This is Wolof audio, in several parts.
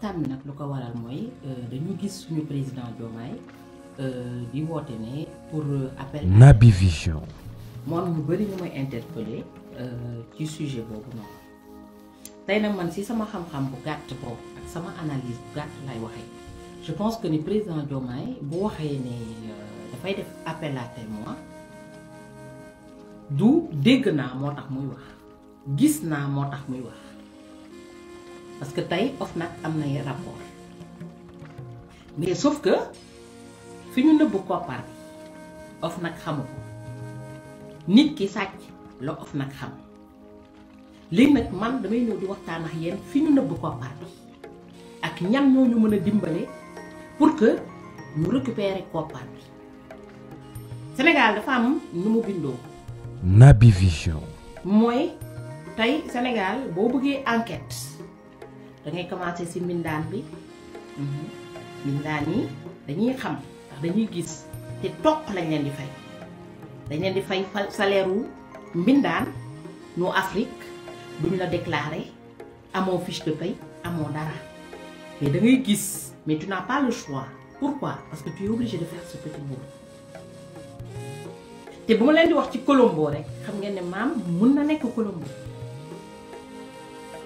waxtaan nak nag lu ko waral mooy euh, dañu gis suñu président Diomaye euh di woté né pour euh, appel. Naby Vision. moo ñu bari ñu may euh ci sujet bobu noonu tay nak man si sama xam-xam bu gatt boobu ak sama analyse bu gatt lay waxee je pense que ni président Diomaye bu waxé né euh, da fay def appel à témoin du dégg naa moo tax muy wax gis naa moo tax muy wax parce que tey OFNAC am nay rapport mais sauf que fi ñu nëbb koppar bi OFNAC xamu ko nit ki sàcc la OFNAC xam li nak man damay ñeu di waxtaan ak yeen fi ñu nëbb koppar bi ak ñam ñoo ñu mëna dimbalé pour que ñu récupérer koppar bi Sénégal dafa am nu mu bindoo. Naby Vision. moy tay Sénégal bo bëggé enquête da ngay commencer ci mbindaan bi mhm. mbindaan yi dañuy xam ndax dañuy gis te topp lañ leen di fay dañ leen di fay salaire wu mbindaan nu Afrique duñ la déclarer amoo fiche de à amoo dara mais da ngay gis mais tu n'as pas le choix pourquoi parce que tu es obligé de faire ce petit mot. te bu ma leen di wax ci Colombo rek xam ngeen ne maam mun na nekk Colombo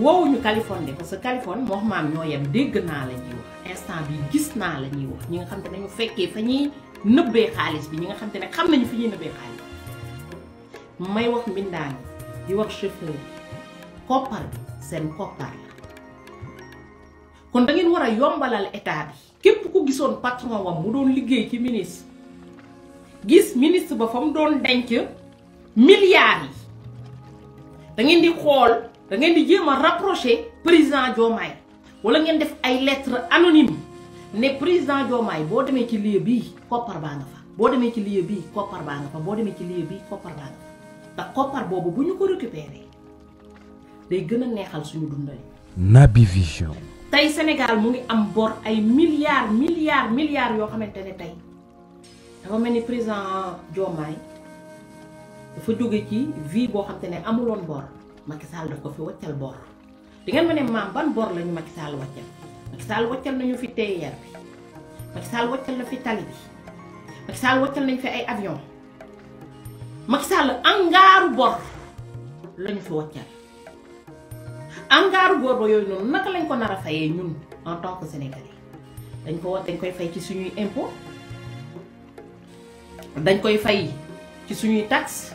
ñu Californie de parce que Californie moo maam ñoo yem dégg naa la wax instant bi gis naa la ñuy wax ñi nga xam te ne ñu fekkee fa ñuy nëbbee xaalis bi ñi nga xam te ne xam nañu fi ñuy nëbbee xaalis may wax mbindaan di wax chauffeur koppar bi seen koppar la kon da ngeen war a yombalal état bi képp ku gisoon patron wam mu doon liggéey ci ministre gis ministre ba fa mu doon denc milliards yi da di xool da ngeen di jéem a rapproché président Diomaye wala ngeen def ay lettres anonymes ne président Diomaye boo demee ci lieu bii koppar baa nga fa boo demee ci lieu bii koppar baa nga fa boo demee ci lieu bi koppar baa nga fa ndax koppar boobu bu ñu ko récupéré day gën a neexal suñu dundal. Naby Vision. tey Sénégal mu ngi am bor ay milliards milliards milliards yoo xamante ne tey dafa mel ni président Diomaye dafa jóge ci vie boo xam te ne amuloon bor. Macky Sall daf ko fi waccal bor di ma ne maam ban bor lañu Macky Sall waccal Macky waccal nañu fi TER bi Macky waccal na fi tali bi Macky waccal nañu fi ay avion Macky Sall angaaru bor lañu fi waccal angaaru bor ba yooyu noonu naka lañ ko nar a fayee ñun en tant que sénégalais dañ ko war dañ koy fay ci suñuy impôt dañ koy fay ci suñuy tax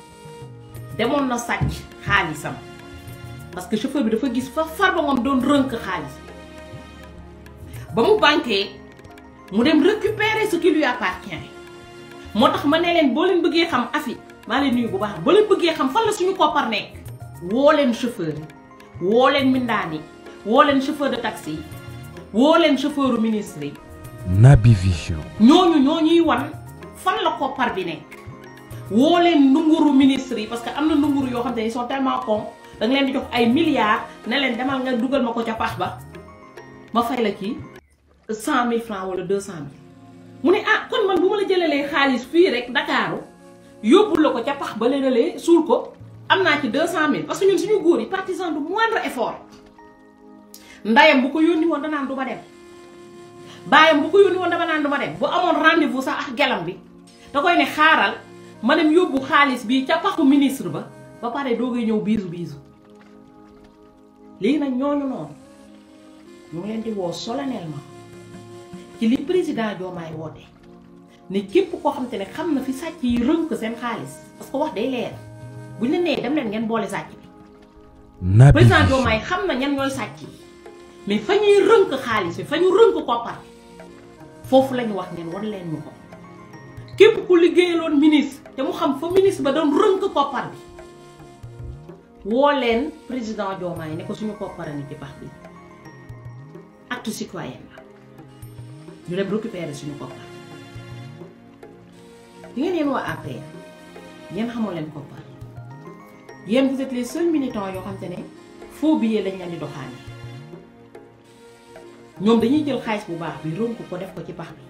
demoon na sacc xaalisam parce que chauffeur bi dafa gis fa Farba Ngom don rënk xaalis ba mu banqué mu dem récupérer ce qui lui appartient moo tax ma ne bo boo leen xam afi ma lay nuyu bu baax bo leen bëggee xam fan la suñu koppar nekk wo leen chauffeur wo woo leen mindaan yi leen chauffeur de taxi wo woo leen chauffeur ministre yi Naby Vision ñooñu ñoo ñuy wan fan la koppar bi nekk woo leen ndunguru ministre yi parce que am na ndunguru yoo xam te ne sont tellement cons da nga leen di jox ay milliards ne leen demal nga dugal ma ko ca pax ba ma fay la ci cent mille francs wala deux cent mille mu ne ah kon man bu ma la jëlalee xaalis fii rek Dakaaru yóbbul la ko ca pax ba léeg-léeg suul ko am naa ci deux cent mille parce que ñun suñu góor yi partisan du moindre effort ndayam bu ko yónni woon danaan du ma dem baayam bu ko yónni woon dama naan du ma dem bu amoon rendez-vous sax ak gelam bi da koy ne ma dem yóbbu xaalis bi ca paxu ministre ba ba pare doogay ñëw biisu biisu léegi nag ñooñu noonu ñu ngi leen di woo solennellement ci li président Diomaye woote ne képp koo xam te ne xam na fi sàcc yi rënk seen xaalis parce que wax day leer bu ñu nee dem leen ngeen boole sàcc bi. président joomaay xam na ñan ñooy sàcc yi mais fa ñuy rënk xaalis bi fa ñu rënk koppar foofu la ñu wax ngeen wan leen ñu ko. képp ku liggéeyaloon ministre te mu xam fa ministre ba doon rënk koppar bi woo leen président Diomaye ne ko suñu koppara ni ci pax bi acte citoyen la ñu dem récupérer suñu koppar di ngeen yéen waa APR yéen xamoo leen koppar yéen vous êtes les seuls militants yoo xam ne faux billet lañ leen di doxaane ñoom dañuy jël xaalis bu baax bi rënk ko def ko ci pax bi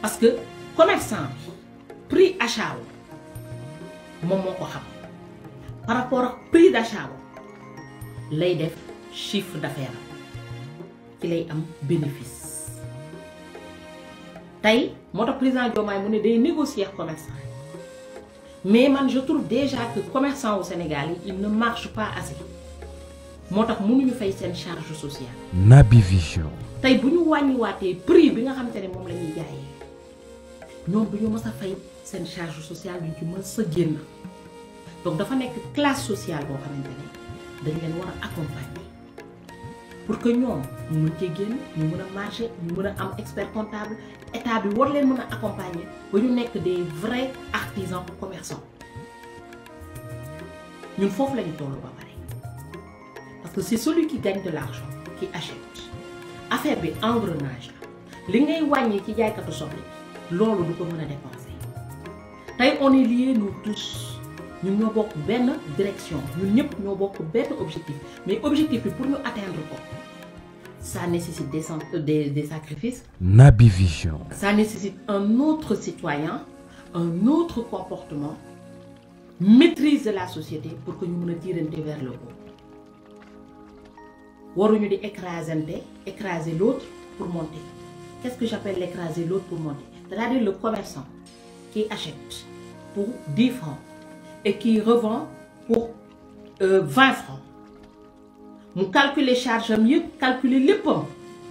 parce que commerçant prix achat wu moom xam par rapport au prix d'achat, achat lay def chiffre d'affaires affaire ci lay am bénéfice tey mon président Diomaye mu ne day négocier ak mais man je trouve déjà que commerçants au Sénégal ils ne marchent pas assez moo tax mënuñu fay seen charge sociale. Nabi Vision. si bu ñu wàññiwaatee prix bi nga xamante ne moom la ñuy nous avons besoin charge sociale qui nous aide. Donc, il donc dafa classe sociale nous xamante accompagner pour que nous, puissions nous cee nous puissions nous a experts am expert comptable état bi war leen accompagner ba ñu des vrais artisans ou commerçants Nous devons faire ñu ba parce que c'est celui qui gagne de l'argent qui achète affaire bi engrenage la li ngay wàññi ci jaaykatu soble lolu du ko dépenser on est liés nous tous Nous avons bokk bonne direction Nous avons ñoo bokk objectif mais objectif pour nous atteindre ça nécessite des euh, sacrifices. ça nécessite un autre citoyen un autre comportement maîtrise de la société pour que nous nous tirions vers le haut waruñu di écraser l'autre pour monter qu'est-ce que j'appelle écraser l'autre pour monter c'est-à-dire le commerçant qui achète pour 10 francs et qui revend pour 20 euh, francs Mon calculer charge mieux mieux, calculer léppam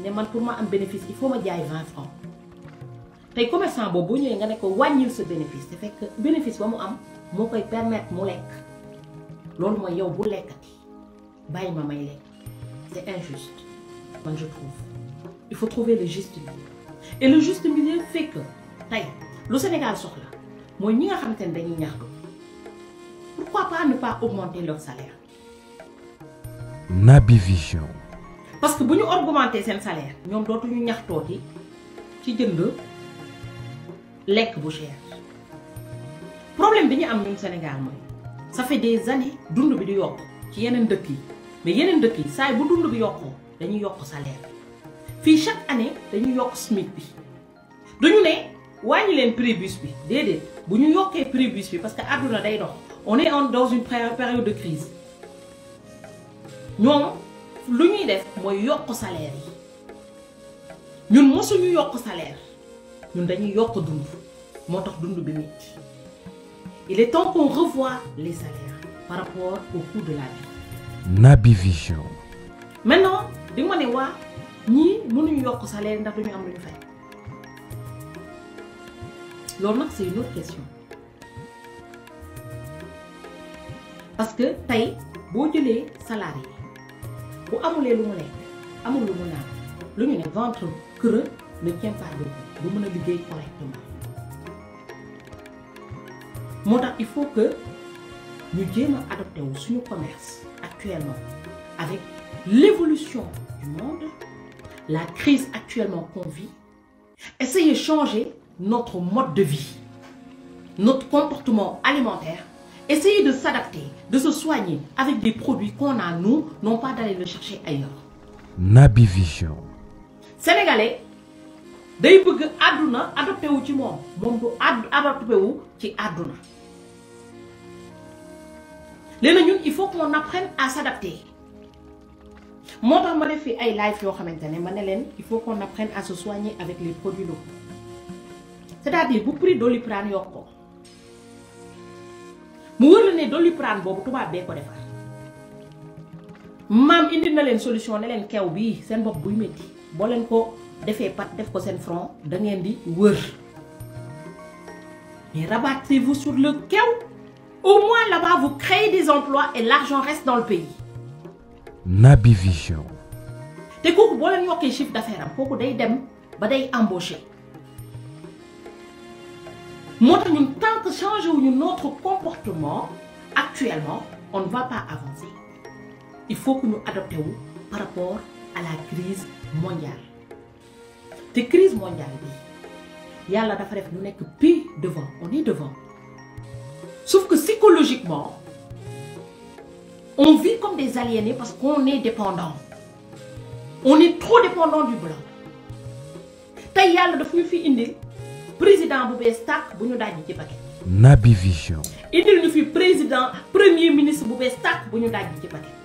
Mais moi, pour moi, un bénéfice il faut que je gagne 20 francs Les commerçant boobu boo ñëwee nga ce ko cest bénéfice Le bénéfice ba mu am permettre mu lekk loolu mooy yow bu lekkati ma may lekk c'est injuste je trouve il faut trouver le juste et le juste milieu fait que tey le Sénégal soxla mooy ñi nga xamante ne à ñaxtu pourquoi pas ne pas augmenter leur salaire. Naby Vision. parce que bu ñu augmenter seen salaire. ñoom dootuñu ñaxtooti ci jënd lekk bu cher problème bi ñu am ñun Sénégal ça fait des années dund bi di qui ci yeneen dëkk yi mais yeneen dëkk yi saa yi bu dund bi yokkoo dañuy yokk salaire fi chaque année dañu yok SMIC bi duñu né wañu len prébus bi Dédé, buñu yoké prébus prix bi parce que aduna day dox on est en dans une période de crise ñom luñuy def moy yok salaire ñun mosuñu yok salaire ñun dañuy yok dund moo tax dund bi nit il est temps qu'on revoie les salaires par rapport au coût de la vie. Nabi Vision. maintenant di ma ne waa ni nous salaire' pas c'est une autre question parce que si vous êtes salarié bu vous lu salarié, ventre creux ne tient pas debout bu Vous correctement il faut que nous adoptions adopter commerce actuellement avec l'évolution du monde la crise actuellement qu'on vit, essayez de changer notre mode de vie, notre comportement alimentaire. Essayez de s'adapter, de se soigner avec des produits qu'on a nous, non pas d'aller le chercher ailleurs. Nabi Vision. Sénégalais, day bëgg aduna adopté ci adopté ci Aduna. il faut qu'on apprenne à s'adapter. Je tax ma def ay live pour vous dire il faut qu'on apprenne à se soigner avec les produits locaux c'est-à-dire bu prix Doliprane yokkoo mu wër la ne Doliprane boobu tubaab le ko defar maam indi na une solution ne leen kew solution, seen vous buy métti boo leen ko vous pat def ko solution, front da ngeen di wër mais rabattez-vous sur le kew au moins là-bas vous créez des emplois et l'argent reste dans le pays Nabi Vision. te on boo leen chiffre d'affaires am kooku day dem embaucher nous ñun tant que changé notre comportement actuellement on ne va pas avancer il faut que nous adoptions par rapport à la crise mondiale La crise mondiale bi yàlla dafa Nous n'est que plus devant on est devant sauf que psychologiquement. On vit comme des aliénés parce qu'on est dépendant. On est trop dépendant du blanc. tey de Fufi ñu président bu bees tàkk bu ñu ci paquet. Vision. indil ñu fi président premier ministre bu nous avons bu ñu